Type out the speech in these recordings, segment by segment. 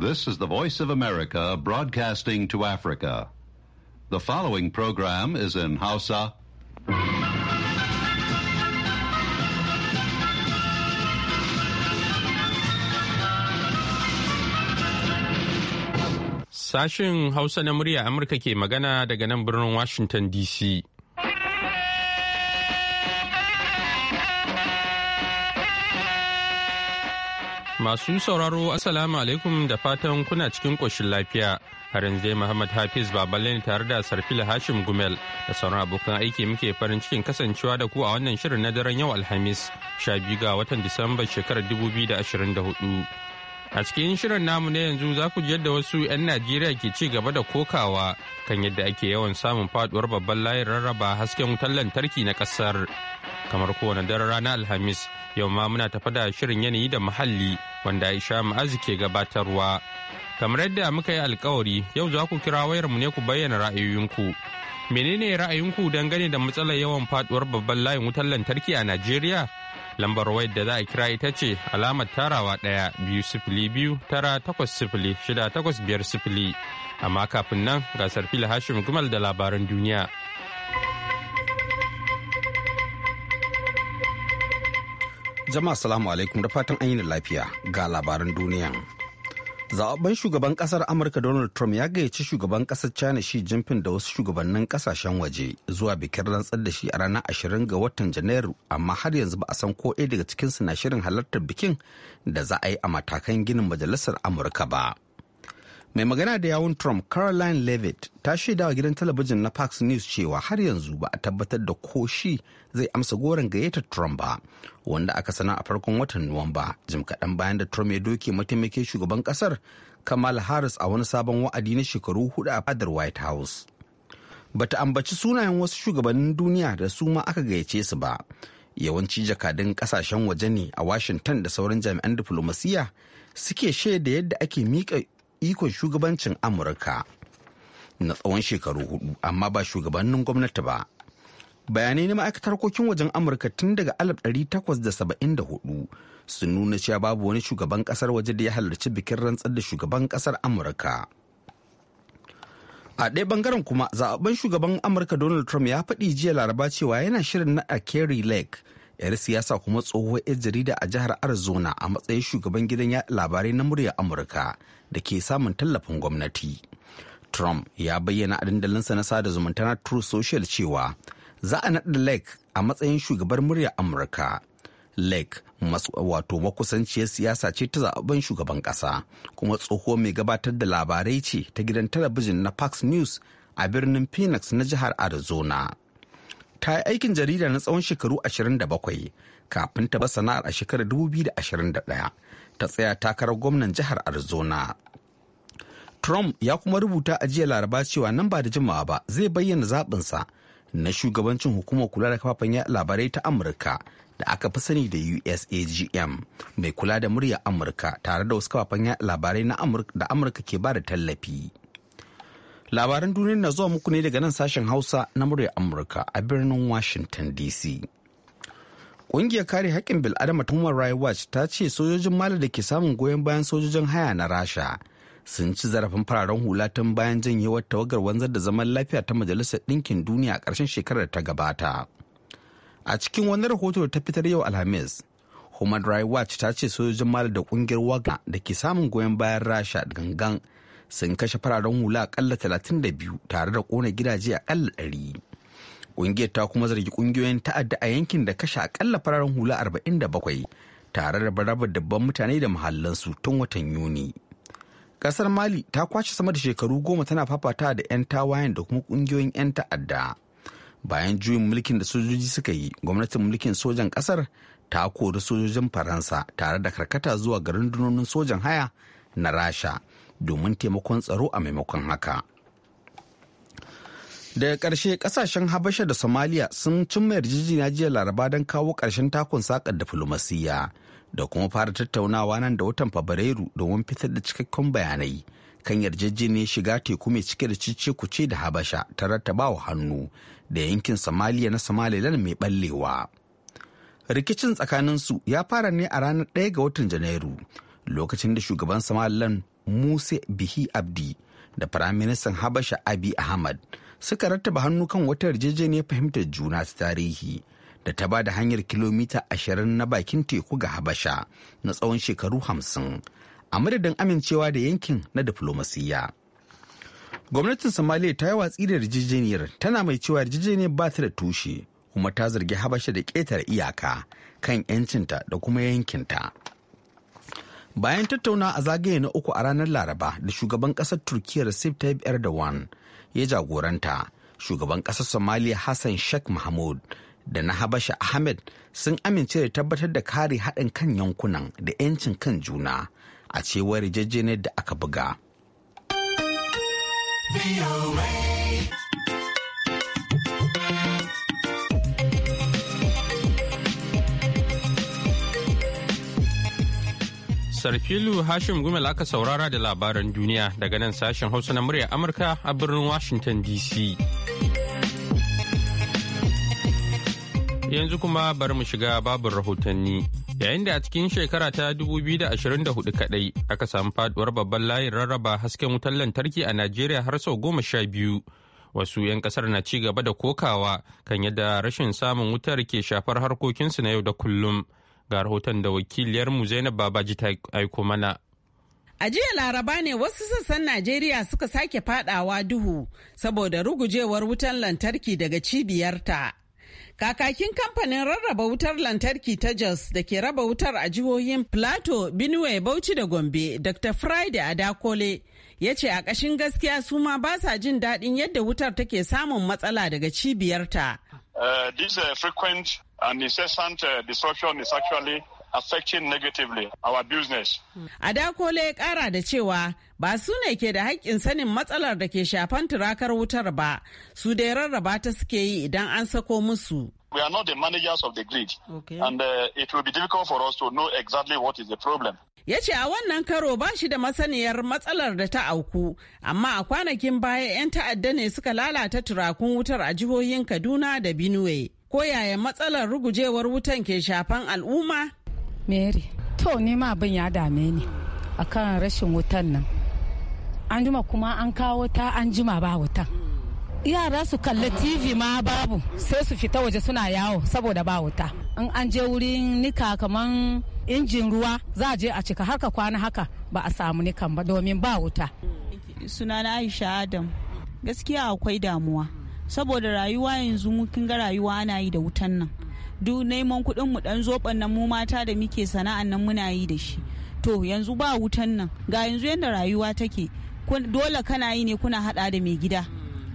This is the Voice of America broadcasting to Africa. The following program is in Hausa. Sashin Hausa na murya Amurka ke magana daga nan birnin Washington DC. Masu sauraro asalamu alaikum da fatan kuna cikin ƙoshin lafiya. Har zai Muhammad Hafiz ba tare da Sarfila Hashim Gumel da sauran abokan aiki muke farin cikin kasancewa da ku a wannan shirin na daren yau Alhamis, sha biyu ga watan Disamba shekarar 2024. A cikin shirin namu na yanzu za ku ji yadda wasu 'yan Najeriya ke ci gaba da kokawa kan yadda ake yawan samun faduwar babban layin rarraba hasken wutar lantarki na kasar. Kamar kowane daren rana Alhamis, yau ma muna tafa da shirin yanayi da muhalli wanda Aisha Ma'azu ke gabatarwa. Kamar yadda muka yi alkawari, yau za ku kira wayar mu ne ku bayyana ra'ayoyinku. Menene ra'ayinku dangane da matsalar yawan faduwar babban layin wutar lantarki a Najeriya? lambar wayar da za a kira ita ce alamar tarawa ɗaya biyu sifili biyu tara takwas sifili shida takwas biyar sifili amma kafin nan gasar fili hashim gumal da labaran duniya jama'a salamu alaikum da fatan an yi lafiya ga labaran duniya zaɓen shugaban Ƙasar Amurka Donald Trump ya gayyaci shugaban Ƙasar China shi Jinping da wasu shugabannin ƙasashen waje zuwa bikin rantsar da shi a ranar ashirin ga watan Janairu, amma har yanzu ba a san ko ɗaya daga cikinsu na shirin halartar bikin da za a yi a matakan ginin majalisar Amurka ba. mai magana da yawun trump caroline levitt ta shaida wa gidan talabijin na fox news cewa har yanzu ba a tabbatar da ko shi zai amsa goron gayyatar trump ba wanda aka sana a farkon watan nuwamba jim kaɗan bayan da trump ya doke mataimakin shugaban ƙasar kamal harris a wani sabon wa'adi na shekaru hudu a fadar white house bata ambaci sunayen wasu shugabannin duniya da su ma aka gayyace su ba yawanci jakadun kasashen waje ne a washington da sauran jami'an diflomasiyya suke shaida yadda ake miƙa ikon shugabancin amurka na tsawon shekaru hudu amma ba shugabannin gwamnati ba bayanai na ma'aikatar harkokin wajen amurka tun daga 1874 sun nuna cewa babu wani shugaban kasar waje da ya halarci bikin rantsar da shugaban kasar amurka a ɗaya bangaren kuma zaɓen shugaban amurka donald trump ya faɗi jiya laraba cewa yana shirin na kerry lake yar siyasa kuma tsohuwar yar jarida a jihar arizona a matsayin shugaban gidan labarai na murya amurka da ke samun tallafin gwamnati. Trump ya bayyana a dandalinsa na sada zumunta na True Social cewa za a naɗa Lake a matsayin shugabar muryar Amurka. Lake wato makusanciyar siyasa ce ta zaɓen shugaban ƙasa kuma tsoho mai gabatar da labarai ce ta gidan talabijin na Fox News a birnin Phoenix na jihar Arizona. Ta yi aikin jarida na tsawon shekaru 27 kafin ta ba sana'ar a shekarar 2021 ta tsaya takarar gwamnan jihar Arizona. Trump ya kuma rubuta a jiya laraba cewa nan ba da jimawa ba zai bayyana zaɓinsa na shugabancin hukumar kula da kafafen labarai ta Amurka da aka fi sani da USAGM mai kula da murya Amurka tare da wasu kafafen labarai na da Amurka ke ba da tallafi. Labaran duniya na zuwa muku ne daga nan sashen Hausa na murya Amurka a birnin Washington DC. Ƙungiyar kare haƙƙin bil'adama ta Human Rights Watch ta ce sojojin Mali da ke samun goyon bayan sojojin haya na Rasha sun ci zarafin fararen hula tun bayan janyewar tawagar wanzar da zaman lafiya ta Majalisar Ɗinkin Duniya a ƙarshen shekarar ta gabata. A cikin wani rahoto da ta fitar yau Alhamis, Human Rights Watch ta ce sojojin Mali da ƙungiyar waga da ke samun goyon bayan Rasha gangan sun kashe fararen hula akalla 32 tare da ƙona gidaje akalla 100. Ƙungiyar ta kuma zargi ƙungiyoyin ta'adda a yankin da kashe akalla fararen hula arba'in da bakwai tare da raba dabban mutane da mahallansu tun watan Yuni. Ƙasar Mali ta kwashe sama da shekaru goma tana fafata da 'yan tawayen da kuma ƙungiyoyin 'yan ta'adda. Bayan juyin mulkin da sojoji suka yi, gwamnatin mulkin sojan ƙasar ta kori sojojin Faransa tare da karkata zuwa garin dunonin sojan haya na Rasha domin taimakon tsaro a maimakon haka. daga ƙarshe ƙasashen habasha da somaliya sun cimma yarjejeniya jiya laraba don kawo ƙarshen takun saƙar diflomasiyya da kuma fara tattaunawa nan da watan fabrairu domin fitar da cikakken bayanai kan yarjejeniyar shiga teku mai cike da cice kuce da habasha ta rattabawa hannu da yankin somaliya na somaliland mai ɓallewa. rikicin tsakaninsu ya fara ne a ranar 1 ga watan janairu lokacin da shugaban somaliland musa bihi abdi da firaministan habasha abi ahmad suka rattaba hannu kan wata yarjejeniyar fahimtar juna ta tarihi da ta ba da hanyar kilomita ashirin na bakin teku ga habasha na tsawon shekaru hamsin a madadin amincewa da yankin na diflomasiyya. gwamnatin somaliya ta yi watsi da yarjejeniyar tana mai cewa yarjejeniyar ba ta da tushe kuma ta zargi habasha da ƙetare iyaka kan 'yancinta da kuma yankinta bayan tattauna a zagaye na uku a ranar laraba da shugaban ƙasar turkiyya recep tayyip erdogan ya jagoranta shugaban ƙasar somaliya hassan sheikh mahmud da na habasha ahmed sun amince da tabbatar da kare haɗin kan yankunan da 'yancin kan juna a cewar jejjene da aka buga. Sarfilu Hashim Gumel aka saurara da labaran duniya daga nan sashen Hausa na murya Amurka a birnin Washington DC. Yanzu kuma bari mu shiga babin rahotanni. Yayin da a cikin shekara ta 2024 kadai aka samu faduwar babban layin rarraba hasken wutar lantarki a Najeriya har sau goma sha biyu. Wasu 'yan kasar na ci gaba da kokawa kan yadda rashin samun wutar ke shafar harkokinsu na yau da kullum. Ga rahoton da wakiliyarmu Zainab Babaji ta aiko mana. A jiya Laraba ne wasu sassan Najeriya suka sake fadawa duhu saboda rugujewar wutar lantarki daga cibiyarta. Kakakin kamfanin rarraba wutar lantarki ta Jos da ke raba wutar a jihohin Plateau, Benue, Bauchi da Gombe, Dr. Friday Adakole ya ce a ƙashin gaskiya su ma ba sa jin daɗin yadda wutar take samun matsala daga cibiyarta. Uh, this uh, frequent and incessant uh, disruption is actually affecting negatively our business. A ya kara da cewa ba su ne ke da haƙƙin sanin matsalar da ke shafan turakar wutar ba, su dai rarraba ta suke yi idan an sako musu. We are not the managers of the grid. Okay. And uh, it will be difficult for us to know exactly what is the problem. Ya ce a wannan karo ba shi da masaniyar matsalar da ta auku, amma a kwanakin baya 'yan ta'adda ne suka lalata turakun wutar a jihohin Kaduna da Benue. Ko yaya matsalar rugujewar wutan ke shafan al'umma? Mary, to ni ma abin ya dame ni kan rashin wutan nan. An jima kuma an kawo ta an jima ba wutan. yara su kalli tv ma babu sai su fita waje suna yawo saboda ba wuta in an je wurin nika kamar injin ruwa za a je a cika haka kwana haka ba a samu nikan ba domin ba wuta sunana aisha adam gaskiya akwai damuwa saboda rayuwa yanzu kin ga rayuwa ana yi da wutan nan duk neman kuɗin mu dan zoben nan mu mata da muke sana'an nan muna yi da shi to yanzu ba wutan nan ga yanzu yadda rayuwa take dole kana yi ne kuna hada da mai gida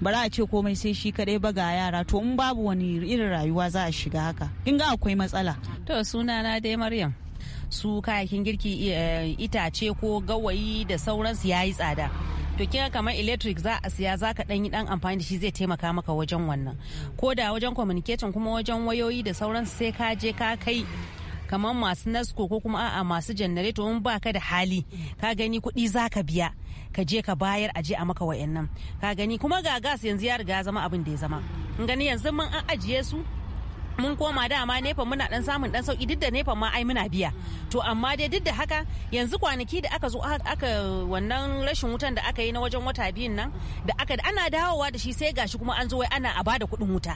bara a ce komai sai shi kadai ba ga yara to in babu wani irin rayuwa za a shiga haka in ga akwai matsala to sunana dai maryam su kayakin girki itace ko gawayi da sauransu yayi tsada to kika kamar electric za a siya za ka dan yi dan amfani da shi zai taimaka maka wajen wannan ko da wajen communication kuma wajen wayoyi da sauransu sai ka je ka kai kamar masu nasko ko kuma a'a masu janareto in baka da hali ka gani kuɗi za ka biya ka je ka bayar a je a maka wayannan ka gani kuma ga gas yanzu ya riga zama abin da ya zama in gani yanzu mun an ajiye su mun koma dama nefa muna dan samun dan sauki duk da nefa ma ai muna biya to amma dai duk da haka yanzu kwanaki da aka zo aka wannan rashin wutan da aka yi na wajen wata biyun nan da aka ana dawowa da shi sai gashi kuma an zo wai ana a bada kuɗin wuta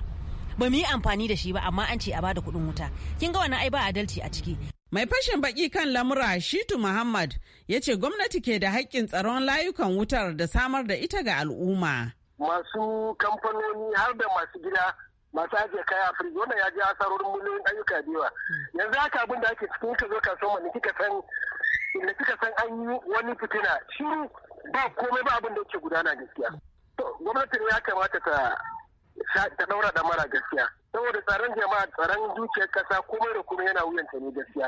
ba mu yi amfani da shi ba amma an ce a bada kuɗin wuta kin ga wannan ai ba adalci a ciki mai fashin baki kan lamura shitu muhammad ya ce gwamnati ke da haƙƙin tsaron layukan wutar da samar da ita ga al'umma masu kamfanoni har da masu gida masu ajiye kaya firji wannan ya ji asarorin miliyoyin ayyuka da yanzu haka abin da ake cikin ka zo so ma kika san inda kika san an yi wani fitina shiru ba komai ba abin da yake gudana gaskiya to gwamnati ne ya kamata ta ta daura da mara gaskiya saboda tsaron jama'a tsaron dukiyar ƙasa komai da kuma yana wuyanta ne gaskiya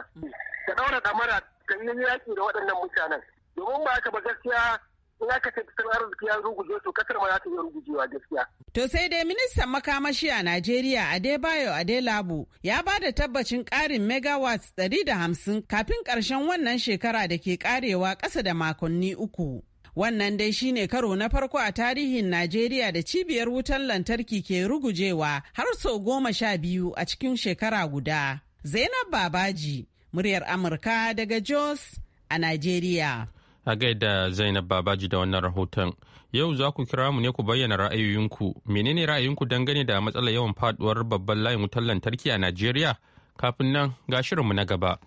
ta daura da mara ta yi yaki da waɗannan mutanen domin ba haka ba gaskiya in aka ce tattalin arziki ya ruguje to kasar ma za ta yi rugujewa gaskiya. To sai dai ministan makamashi a Najeriya Adebayo Adelabu ya ba da tabbacin ƙarin megawatts 150 kafin ƙarshen wannan shekara da ke ƙarewa ƙasa da makonni uku. Wannan dai shine karo na farko a tarihin Najeriya da cibiyar wutan lantarki ke rugujewa har sau goma sha biyu a cikin shekara guda. Zainab Babaji, muryar Amurka daga Jos a Najeriya. A gaida Zainab Babaji da wannan rahoton. Yau za ku kira mu ne ku bayyana ra'ayoyinku. Menene ra'ayinku dangane da matsalar yawan faduwar babban layin wutar lantarki a Najeriya? Kafin nan ga shirinmu na gaba.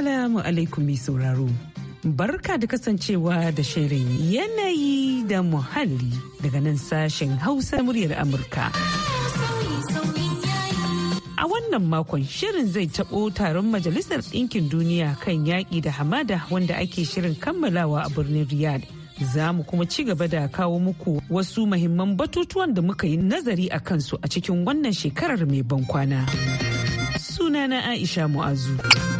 Assalamu alaikum mai sauraro. Barka da kasancewa da shirin yanayi da muhalli daga nan sashen Hausa muryar Amurka. A wannan makon shirin zai taɓo taron Majalisar Ɗinkin Duniya kan yaƙi da hamada wanda ake shirin kammalawa a birnin Riyadh. Za mu kuma ci gaba da kawo muku wasu mahimman batutuwan da muka yi nazari a kansu a cikin wannan shekarar mai bankwana. Sunana Aisha Mu'azu.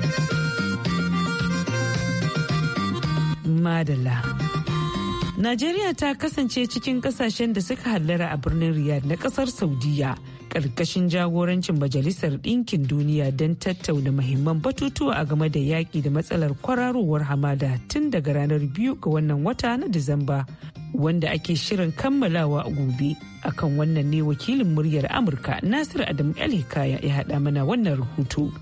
madalla. Najeriya ta kasance cikin kasashen da suka hallara a birnin Riyadh na kasar Saudiya ƙarƙashin jagorancin Majalisar Ɗinkin Duniya don tattauna mahimman batutuwa a game da yaƙi da matsalar kwararowar hamada tun daga ranar biyu ga wannan wata na Disamba wanda ake shirin kammalawa a gobe. Akan wannan ne wakilin muryar Amurka Nasiru Adamu Alhikaya ya haɗa mana wannan rahoto.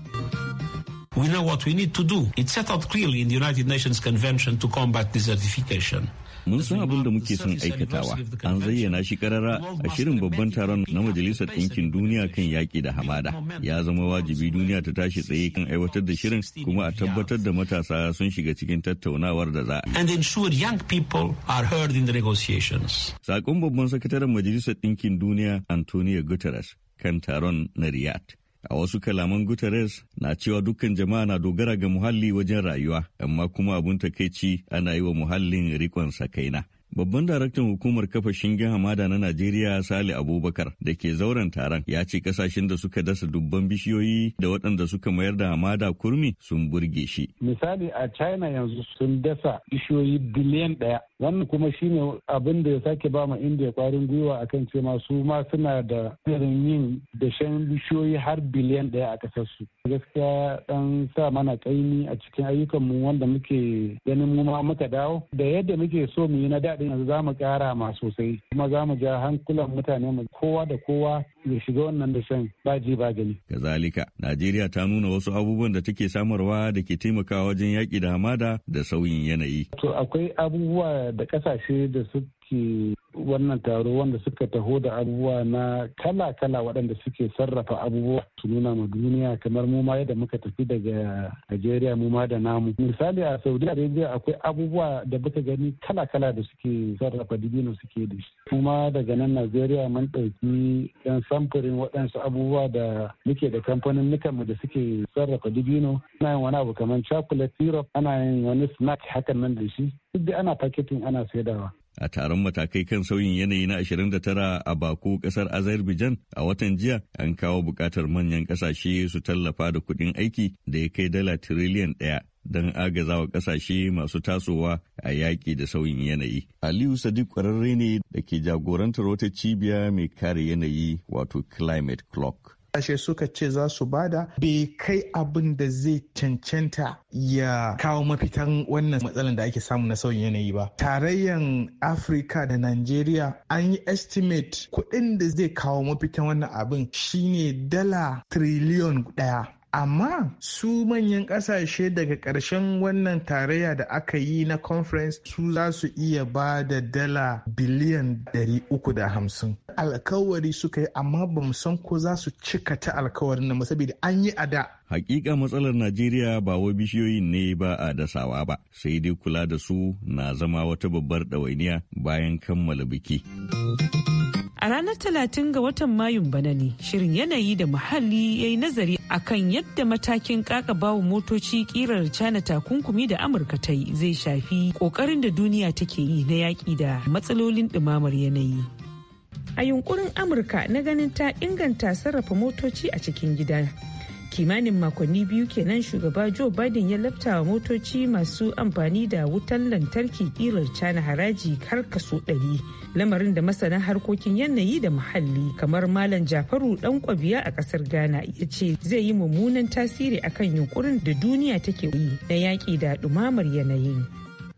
we know what we need to do. It's set out clearly in the United Nations Convention to combat desertification. mun san abin da muke son aikatawa an zayyana shi karara a shirin babban taron na majalisar ɗinkin duniya kan yaƙi da hamada ya zama wajibi duniya ta tashi tsaye kan aiwatar da shirin kuma a tabbatar da matasa sun shiga cikin tattaunawar da za a and ensure young people are heard in the negotiations babban sakataren majalisar ɗinkin duniya antonio guterres kan taron na riyadh A wasu kalaman Guterres na cewa dukkan jama'a na dogara ga muhalli wajen rayuwa, amma kuma abun takaici ana yi wa muhallin rikon kaina Babban daraktan hukumar kafa shingen hamada na Najeriya Sale Abubakar da ke zauren taron ya ce kasashen da suka dasa dubban bishiyoyi da waɗanda suka mayar da hamada kurmi sun burge shi. Misali a China yanzu sun dasa bishiyoyi biliyan ɗaya wannan kuma shine abin da ya sake ba ma indiya kwarin gwiwa a kan cema su ma suna da irin yin dashen bishiyoyi har biliyan daya a kasar su gaskiya dan sa mana kaini a cikin ayyukan mu wanda muke ganin mu ma muka dawo da yadda muke so mu yi na daɗin yanzu za mu ƙara ma sosai kuma za mu ja hankulan mutane mu kowa da kowa ya shiga wannan dashen ba ji ba gani kazalika najeriya ta nuna wasu abubuwan da take samarwa da ke taimakawa wajen yaki da hamada da sauyin yanayi to akwai abubuwa da kasashe da su. suke wannan taro wanda suka taho da abubuwa na kala-kala waɗanda suke sarrafa abubuwa su nuna ma duniya kamar mu ma yadda muka tafi daga Najeriya mu ma da namu. Misali a Saudi Arabia akwai abubuwa da muka gani kala-kala da suke sarrafa dibino suke da shi. Kuma daga nan Najeriya mun ɗauki ɗan samfurin waɗansu abubuwa da muke da kamfanin mu da suke sarrafa dibino. Ana yin wani abu kamar chocolate syrup, ana yin wani snack hakan nan da shi. Duk ana paketin ana saidawa. a taron matakai kan sauyin yanayi na 29 a Baku kasar Azerbaijan a watan jiya an kawo bukatar manyan kasashe su tallafa da kuɗin aiki da ya kai dala tiriliyan ɗaya don agazawa kasashe masu tasowa a yaƙi da sauyin yanayi. Aliyu Sadiq ƙwararre ne da ke jagorantar wata cibiya mai kare yanayi wato Climate Clock. kashe suka ce za su bada bai kai abin da zai cancanta ya kawo mafitan wannan matsalan da ake samu na sauyin yanayi ba tarayyan afirka da Najeriya an yi estimate kuɗin da zai kawo mafitan wannan abin shine dala triliyon ɗaya amma su manyan ƙasashe daga ƙarshen wannan tarayya da aka yi na conference su za su iya ba da dala biliyan 350 alkawari suka yi amma ba san ko za su cika ta alkawarin nan saboda an yi a da hakika matsalar najeriya ba wa bishiyoyin ne ba a dasawa ba sai dai kula da su na zama wata babbar ɗawainiya bayan kammala biki. A ranar talatin ga watan Mayun bana ne shirin yanayi da muhalli ya yi nazari a kan yadda matakin bawa motoci kirar cana takunkumi da Amurka ta yi zai shafi kokarin da duniya take yi na yaƙi da matsalolin ɗumamar yanayi. A yunkurin Amurka na ganin ta inganta sarrafa motoci a cikin gida. kimanin makonni biyu kenan shugaba joe biden ya lafta wa motoci masu amfani da wutan lantarki irar cana haraji har kaso 100 lamarin da masana harkokin yanayi da muhalli kamar malam jafaru dan kwabiya a kasar ghana ya ce zai yi mummunan tasiri akan yunkurin da duniya take yi na yaƙi da ɗumamar yanayi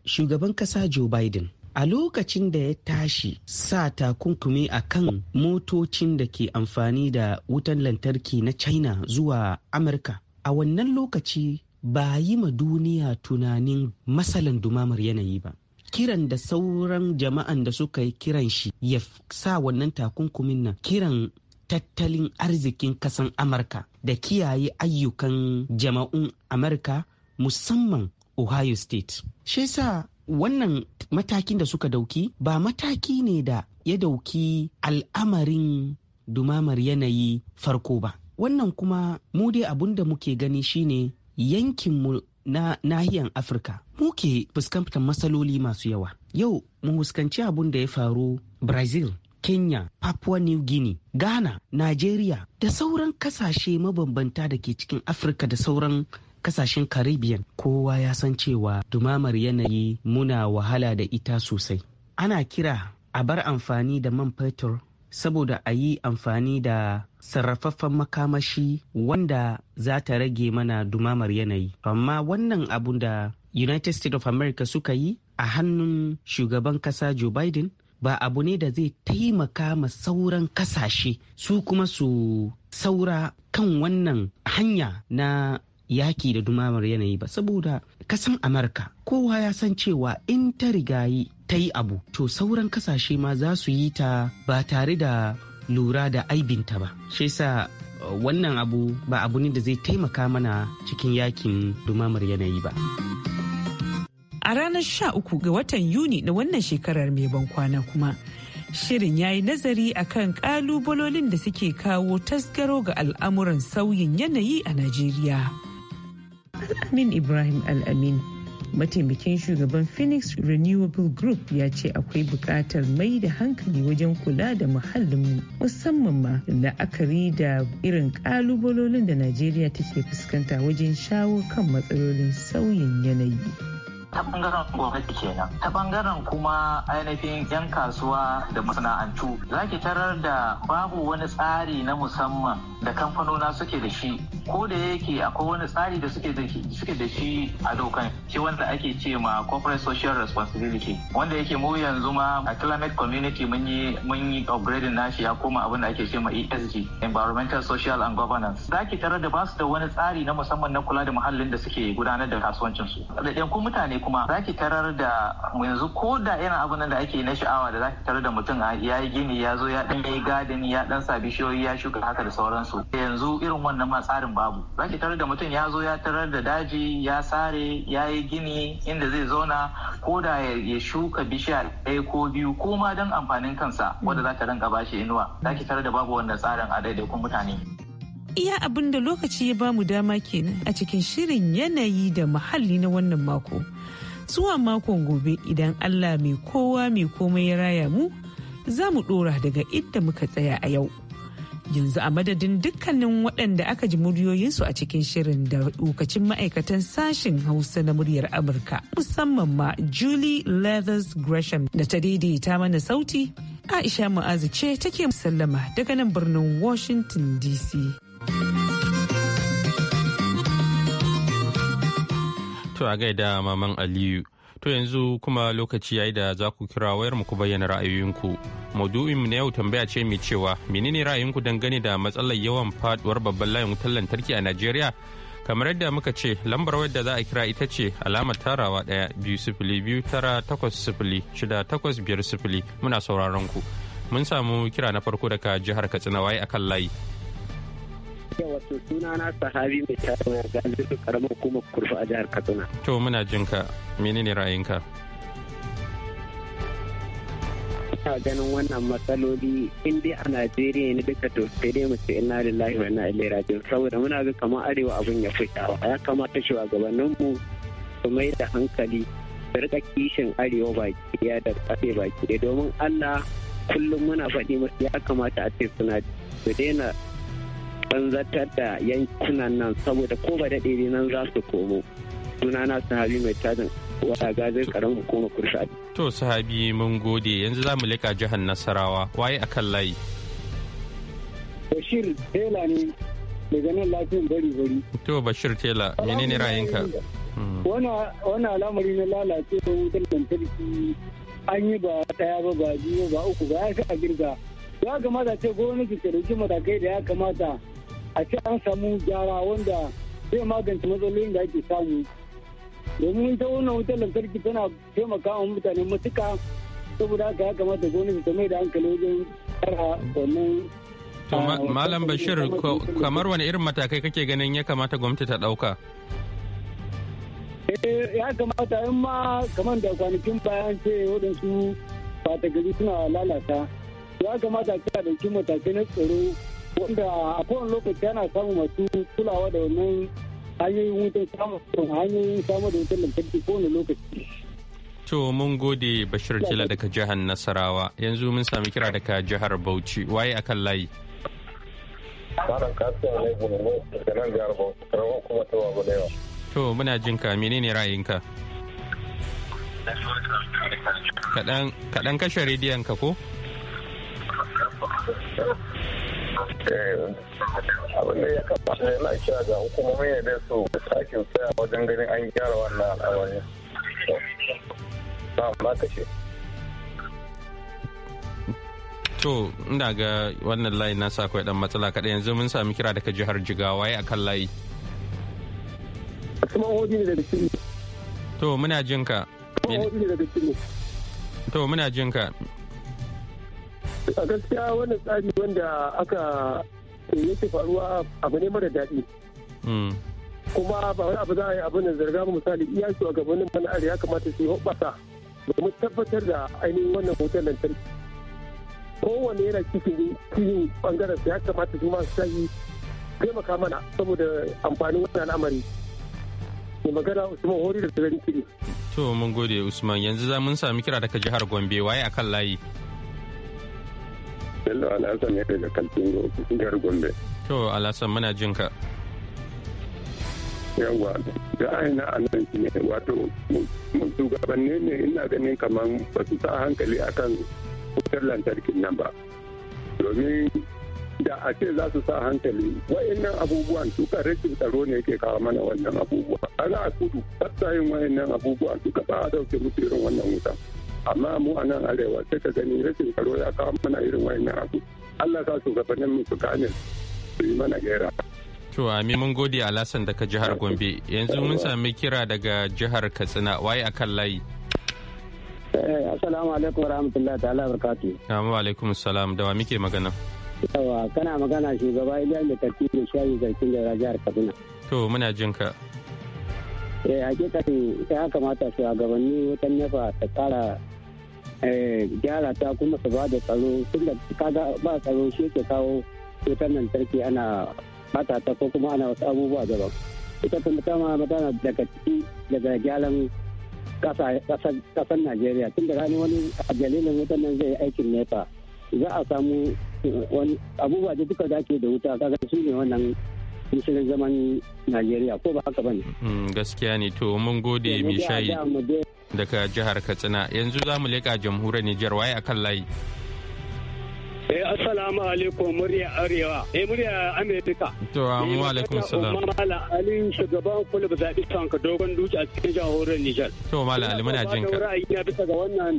shugaban ƙasa joe biden a lokacin da ya tashi sa takunkumi a kan motocin da ke amfani da wutan lantarki na china zuwa amurka a wannan lokaci ba yi ma duniya tunanin matsalan dumamar yanayi ba kiran da sauran jama'an da suka yi kiran shi ya sa wannan takunkumin nan kiran tattalin arzikin kasan amurka da kiyaye ayyukan jama'un amurka musamman ohio state shi sa wannan matakin da suka dauki ba mataki ne da ya dauki al'amarin dumamar yanayi farko ba wannan kuma mu dai abun da muke gani shine yankin mu na nahiyan afirka muke fuskantar matsaloli masu yawa yau mu fuskanci abun da ya faru brazil kenya papua new guinea ghana nigeria da sauran kasashe mabambanta da ke cikin afirka da sauran kasashen caribbean kowa ya san cewa dumamar yanayi muna wahala da ita sosai ana kira a bar amfani da man fetur saboda a yi amfani da sarrafaffen makamashi wanda za ta rage mana dumamar yanayi amma wannan abun da united states of america suka yi a hannun shugaban kasa joe biden ba abu ne da zai taimaka ma sauran kasashe su kuma su saura kan wannan hanya na yaki da dumamar yanayi ba saboda kasan amurka kowa ya san cewa in ta rigayi ta yi abu to sauran kasashe ma za su yi ta ba tare da lura da aibinta ba shi sa uh, wannan abu ba abu ne da zai taimaka mana cikin yakin dumamar yanayi ba a ranar 13 ga watan yuni na wannan shekarar mai ban kwana kuma shirin ya yi nazari akan kalubalolin da suke kawo tasgaro ga al'amuran sauyin yanayi a najeriya Amin Ibrahim Al-Amin. Mataimakin shugaban Phoenix Renewable Group ya ce akwai buƙatar mai da hankali wajen kula da muhallinmu musamman ma la'akari da irin kalubalolin da Najeriya take fuskanta wajen shawo kan matsalolin sauyin yanayi. ta bangaren gwamnati kenan ta bangaren kuma ainihin yan kasuwa da masana'antu za ki tarar da babu wani tsari na musamman da kamfanona suke da shi ko da yake akwai wani tsari da suke da shi a dokan shi wanda ake ce ma corporate social responsibility wanda yake mu yanzu ma a climate community mun yi mun yi upgrading nashi ya koma abin da ake ce ma ESG environmental social and governance za ki tarar da basu da wani tsari na musamman na kula da muhallin da suke gudanar da kasuwancin su da mutane kuma zaki tarar da yanzu ko da yana abin da ake na sha'awa da zaki tarar da mutum ya yi gini ya zo ya ɗan yi gadin ya ɗan sa bishiyoyi ya shuka haka da sauransu yanzu irin wannan ma tsarin babu zaki tarar da mutum ya zo ya tarar da daji ya sare ya yi gini inda zai zauna ko da ya shuka bishiya ɗaya ko biyu ko ma don amfanin kansa wanda za ta rinka bashi inuwa zaki tarar da babu wannan tsarin a daidai daidaikun mutane. iya abin da lokaci ya bamu dama kenan a cikin shirin yanayi da muhalli na wannan mako. Zuwa makon gobe idan Allah mai kowa mai komai ya raya mu, za mu ɗora daga inda muka tsaya a yau. yanzu a madadin dukkanin waɗanda aka ji muryoyinsu a cikin shirin da lokacin ma'aikatan sashen hausa na muryar amurka musamman ma julie leathers gresham da ta daidaita mana sauti aisha mu'azu ce take sallama daga nan birnin washington dc To a gaida Maman Aliyu. To yanzu kuma lokaci yayi da za ku kira wayar mu ku bayyana ra'ayoyinku. Maudu'in mu na yau tambaya ce mai cewa menene ra'ayinku dangane da matsalar yawan faduwar babban layin wutar lantarki a Najeriya? Kamar yadda muka ce lambar wayar da za a kira ita ce alamar tarawa ɗaya biyu sifili biyu tara takwas sifili shida takwas biyar sifili muna sauraron ku. Mun samu kira na farko daga jihar Katsina waye akan layi. Yau wato suna na sahabi mai tarin gandu karamar hukumar kurfa a jihar katsina to muna jin jinka menene ra'ayinka ina ganin wannan matsaloli in dai a najeriya ne duka to sai dai mu ce inna lillahi wa inna ilaihi raji'un saboda muna ga kamar arewa abin ya fi shawa ya kamata su mai da hankali su rika kishin arewa baki ya da kafe baki domin allah kullum muna faɗi musu ya kamata a ce suna su daina banzatar da yankunan nan saboda ko ba daɗe nan za su komo sunana sahabi mai tajin wata gajin karamin hukumar kurshad to sahabi mun gode yanzu za mu leka jihar nasarawa waye a kan layi bashir tela ne daga nan lafiyan bari bari to bashir tela menene ra'ayinka hmm. wani al'amari na lalace da wutar lantarki an yi ba daya ba ba biyu ba uku ba ya sha a girga ya kamata ce gwamnati ta dauki matakai da ya kamata a ce an samu gyara wanda zai magance matsalolin da ake samu domin ta wannan wutar lantarki tana taimaka wa mutane matuka saboda haka ya kamata gwamnati ta mai da hankali wajen tsara wannan To ah, Malam Bashir kamar wani irin matakai kake ganin ya kamata gwamnati ta ɗauka? Eh, ya kamata in ma kamar da kwanakin bayan ce waɗansu ba ta gari suna lalata ya kamata ta ɗauki matakai na tsaro wanda a kowane lokaci ana samun masu kulawa da wannan hanyoyin wutan samun hanyoyin samar da wutan lantarki kowane lokaci to mun gode bashir jila daga jihar nasarawa yanzu mun sami kira daga jihar bauchi waye akan layi kasuwa ne jihar Bauchi, kuma ta wabu da yawa. To muna jin ka menene ra'ayinka? Kaɗan kashe rediyon ka ko? abin da ya kamata yana kira ga hukumomi ne da su sake tsaya wajen ganin an gyara wannan al'amari ba ma kashe to ina ga wannan layi na sa kawai dan matsala kaɗai yanzu mun sami kira daga jihar jigawa ya akan layi to muna jinka to muna jinka a gaskiya wannan tsari wanda aka yake faruwa abu ne mara daɗi hmm. kuma ba wani abu za a yi abin da zarga misali iya su a gabanin mana arewa ya kamata su yi hoɓasa domin tabbatar da ainihin wannan hoton lantarki kowane yana cikin cikin bangaren ya kamata su masu sahi taimaka mana saboda amfanin wannan al'amari ne magana usman hori da tsibirin kiri to mun gode usman yanzu za mun sami kira daga jihar gombe waye akan layi Bello Alhassan ya daga Kaltungo, jihar Gombe. To Alhassan muna jin ka. Yawwa, da aina a nan shi ne wato shugabanni ne ina ganin kamar ba su sa hankali akan wutar lantarkin nan ba. Domin da a ce za su sa hankali wa'annan abubuwan suka rashin tsaro ne ke kawo mana wannan abubuwa. Ana a kudu, fasta yin wa'annan abubuwan suka ba a dauke mutu irin wannan wutan. amma mu a nan arewa sai ka gani rashin tsaro ya kawo mana irin wayannan abu Allah sa shugabannin mu su gane su yi mana gera to amin mun gode alasan daga jihar Gombe yanzu mun sami kira daga jihar Katsina waye akan layi eh, Assalamu alaikum warahmatullahi ta'ala barkatu. wa alaikum salam da wa muke magana? Yawa kana magana shugaba Iliya da tafi da shayi zarkin da jihar Kaduna. To muna jin ka. eh hakikatin ya kamata shugabanni wutan nefa ta tsara eh, gyara ta kuma su ba da tsaro tun da kaga ba tsaro shi ke kawo nan tarki ana bata ta ko kuma ana wasu abubuwa daban ita kuma ma magana daga ciki daga gyaran kasar najeriya tun da rani wani a dalilin wutan nan zai aikin nefa za a samu abubuwa da duka da da wuta kaga su ne wannan misalin zaman najeriya ko ba haka bane mm, gaskiya ne to mun gode mai shayi daga jihar katsina yanzu za mu leƙa jamhuriyar nijar waye akan layi Eh, assalamu alaikum murya arewa. Eh, murya Amerika. To, amu alaikum salam. Mala Ali shugaban kulub zaɓi ka dogon duki a cikin jahorar Nijar. To, Mala Ali muna jin ka. Ra'ayi na bisa ga wannan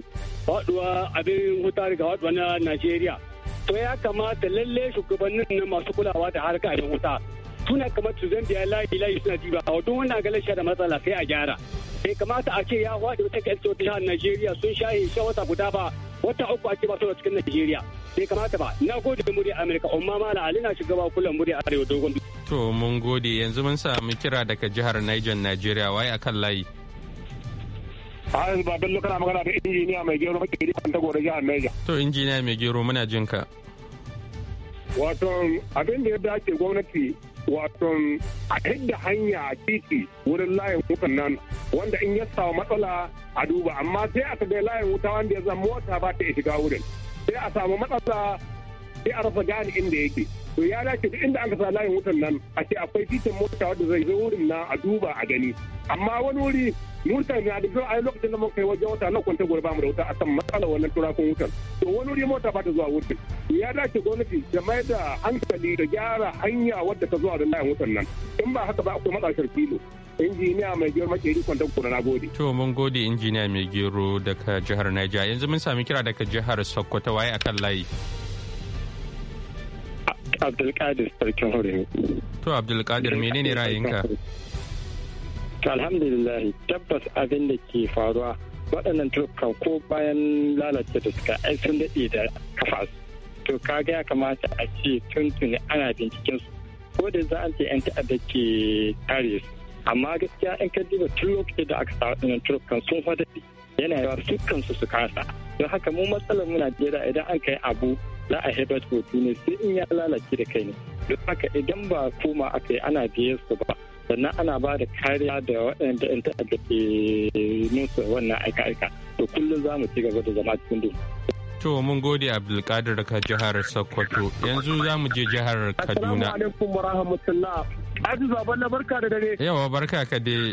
faduwa abin hutar ga faduwa na Najeriya. To, ya kamata lalle shugabannin na masu kulawa da harka abin suna kamar su zambiya layi layi suna diba a don wannan galasha da matsala sai a gyara bai kamata a ce ya faɗi wata kyan wata jihar najeriya sun sha sha wata guda ba wata uku a ce ba su cikin najeriya bai kamata ba na gode muri amurka umma mala ali na shugaba kullum muri arewa dogon to mun gode yanzu mun samu kira daga jihar niger najeriya waye akan layi a ba bello kana magana da injiniya mai gero makeri kan tago da jihar Niger. To injiniya mai gero muna jin ka. Wato abin da ya dace gwamnati wato a hidda hanya a titi wurin layin wutan nan wanda in ya samu matsala a duba amma sai aka ga layin wuta wanda ya zama mota ba ta shiga wurin sai a samu matsala sai a rasa gane inda yake to ya dace duk inda aka sa layin wutan nan a ce akwai titin mota wanda zai zo wurin na a duba a gani amma wani wuri mutan na da zuwa a lokacin da muka kai wajen wata na kwanta gurba mu da wuta a kan matsalar wannan turakun wutan to wani wuri mota ba ta zuwa wutan ya dace gwamnati da mai da hankali da gyara hanya wadda ta zuwa da layin wutan nan in ba haka ba akwai matsashar filo injiniya mai gero makeri kwanton gurba na gode. to mun gode injiniya mai gero daga jihar naija yanzu mun sami kira daga jihar sokoto waye akan layi. Abdulkadir Sarkin hurin. To Abdulkadir menene ra'ayinka? Alhamdulillah tabbas abin da ke faruwa waɗannan turkan ko bayan lalace da suka ai sun daɗe da kafa su. To kaga ya kamata a ce tuntuni ana binciken su ko da za a ce 'yan ta'adda ke tare su. Amma gaskiya 'yan kadiba tun lokacin da aka sa waɗannan turkan sun fadaɗi yana yawa su kansu su kasa. Don haka mu matsalar mu Najeriya idan an kai abu za a hebat kotu ne sai in ya lalace da kai ne duk haka idan ba koma aka yi ana biyar su ba sannan ana ba da kariya da waɗanda in ta'adda ke nusa wannan aika-aika to kullum za mu ci gaba da zama cikin duhu. to mun gode abdulkadir ka jihar sokoto yanzu za mu je jihar kaduna. assalamu Aji zaben na barka da dare. Yawa barka ka dai.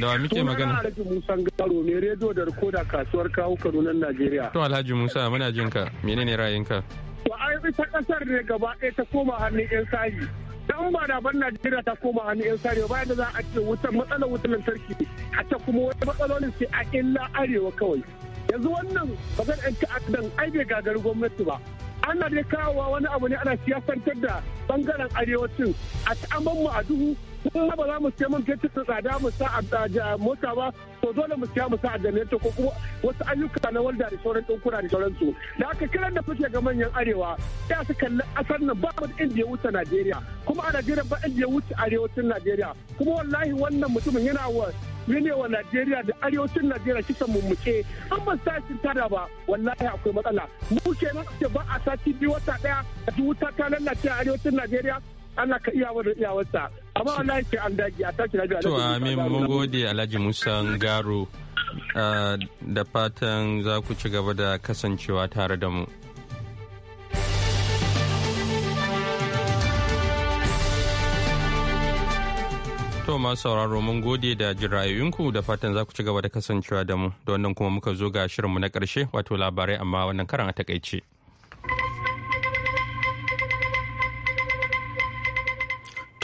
Da wa muke magana? Suna Alhaji Musa Garo ne rediyo da rikoda kasuwar kawo Kaduna Najeriya. To Alhaji Musa muna jin ka menene ra'ayinka? To ai ita kasar ne gaba ɗaya ta koma hannun 'yan sayi. Dan ba da ban Najeriya ta koma hannun 'yan sayi bayan da za a ce wutar matsalar wutar lantarki a kuma wani matsalolin sai a illa arewa kawai. Yanzu wannan bazan ɗan ta'addan ai bai gagari gwamnati ba. ana dai kawowa wani abu ne ana siyasantar da bangaren arewacin a ta'amman mu a duhu kuma ba za mu ce man ke cikin tsada mu sa a mota ba to dole mu siya mu sa a janareto ko kuma wasu ayyuka na walda da sauran ɗaukuna da sauransu da aka kiran da kuke ga manyan arewa sai su kalli asar nan ba mu inda ya wuce Najeriya kuma a Najeriya ba inda ya wuce arewacin Najeriya kuma wallahi wannan mutumin yana wa wa Najeriya da arewacin Najeriya kisan mummuke an ba sashi tada ba wallahi akwai matsala mu kenan ce ba a sati biyu wata daya a ji wuta ta lallace a arewacin Najeriya ana ka iya wadda iyawarsa amma wallahi ke an dagi a tashi lafiya to amin mun gode Alhaji Musa Garo ah, da fatan za ku ci gaba da kasancewa tare da mu. To masu sauraro mun gode da jirayoyinku da fatan za ku ci gaba da kasancewa da mu da wannan kuma muka zo ga shirinmu na ƙarshe wato labarai amma wannan karan a takaice.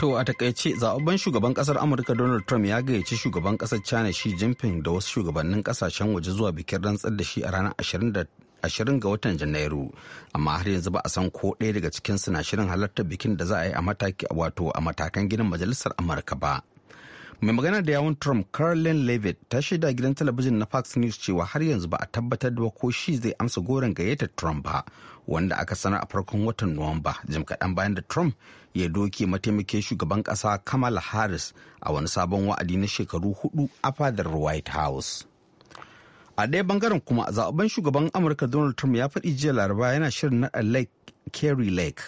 To a takaice zaɓaɓɓen shugaban ƙasar Amurka Donald Trump ya gayyaci shugaban ƙasar China Xi Jinping da wasu shugabannin ƙasashen waje zuwa bikin rantsar da shi a ranar 20 ga watan Janairu, amma har yanzu ba a san ko ɗaya daga cikin na shirin halartar bikin da za a yi a mataki wato a matakan ginin majalisar Amurka ba. mai magana da yawon trump carolyn levitt ta shaida gidan talabijin na fox news cewa har yanzu ba a tabbatar da ko shi zai amsa goron gayyatar trump ba wanda aka sanar a farkon watan nuwamba jim kaɗan bayan da trump ya doke mataimakin shugaban ƙasa kamala harris a wani sabon wa'adi na shekaru hudu a fadar white house a ɗaya bangaren kuma zaɓen shugaban amurka donald trump ya faɗi jiya laraba yana shirin naɗa lake kerry lake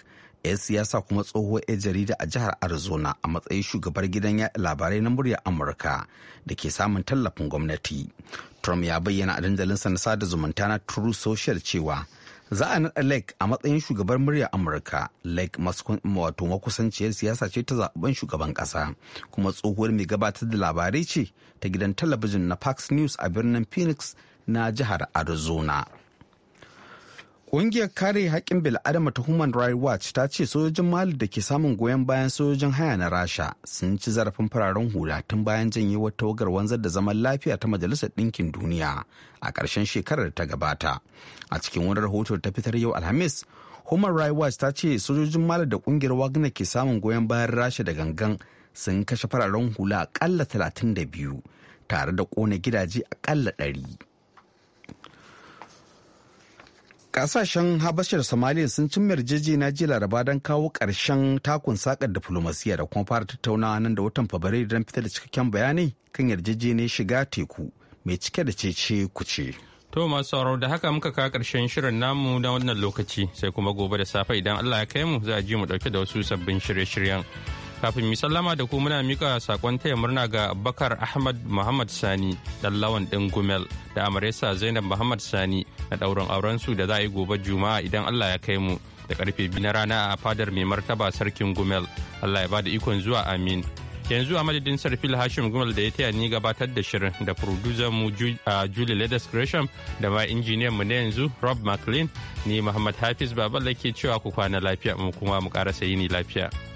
'yan siyasa kuma tsohuwar 'yan jarida a jihar arizona a matsayin shugabar gidan labarai na muryar amurka da ke samun tallafin gwamnati trump ya bayyana a dandalinsa na sada zumunta na true social cewa za a naɗa lake a matsayin shugabar muryar amurka lake wato makusanciyar siyasa ce ta zaɓen shugaban ƙasa kuma tsohuwar mai gabatar da labarai ce ta gidan talabijin na fox news a birnin phoenix na jihar arizona Ƙungiyar kare haƙƙin bil'adama ta Human Rights Watch ta ce sojojin Mali da ke samun goyon bayan sojojin haya na Rasha sun ci zarafin fararen hula tun bayan janye wata tawagar wanzar da zaman lafiya ta Majalisar Ɗinkin Duniya a ƙarshen shekarar ta gabata. A cikin wani rahoto ta fitar yau Alhamis, Human Rights Watch ta ce sojojin Mali da ƙungiyar Wagner ke samun goyon bayan Rasha da gangan sun kashe fararen hula aƙalla biyu tare da ƙona gidaje aƙalla ɗari. Kasashen Habashar Somalia sun cin na jiya laraba don kawo ƙarshen takun sakar diflomasiyya da kuma fara tattaunawa nan da watan Fabrairu don fitar da cikakken bayanai kan yarjejeniyar shiga teku mai cike da cece kuce. To masu sauraro da haka muka kawo ƙarshen shirin namu na wannan lokaci sai kuma gobe da safe idan Allah ya kai mu za a ji mu ɗauke da wasu sabbin shirye-shiryen. kafin mi da ku muna mika sakon taya murna ga bakar ahmad muhammad sani dan lawan din gumel da amaresa zainab muhammad sani na dauran auren su da za a yi gobe juma'a idan allah ya kai mu da karfe biyu na rana a fadar mai martaba sarkin gumel allah ya bada ikon zuwa amin yanzu a madadin sarfil hashim gumel da ya taya ni gabatar da shirin da producer mu julie ledes gresham da ma injiniyan mu na yanzu rob mclean ni muhammad hafiz babal ke cewa ku kwana lafiya mu kuma mu karasa yini lafiya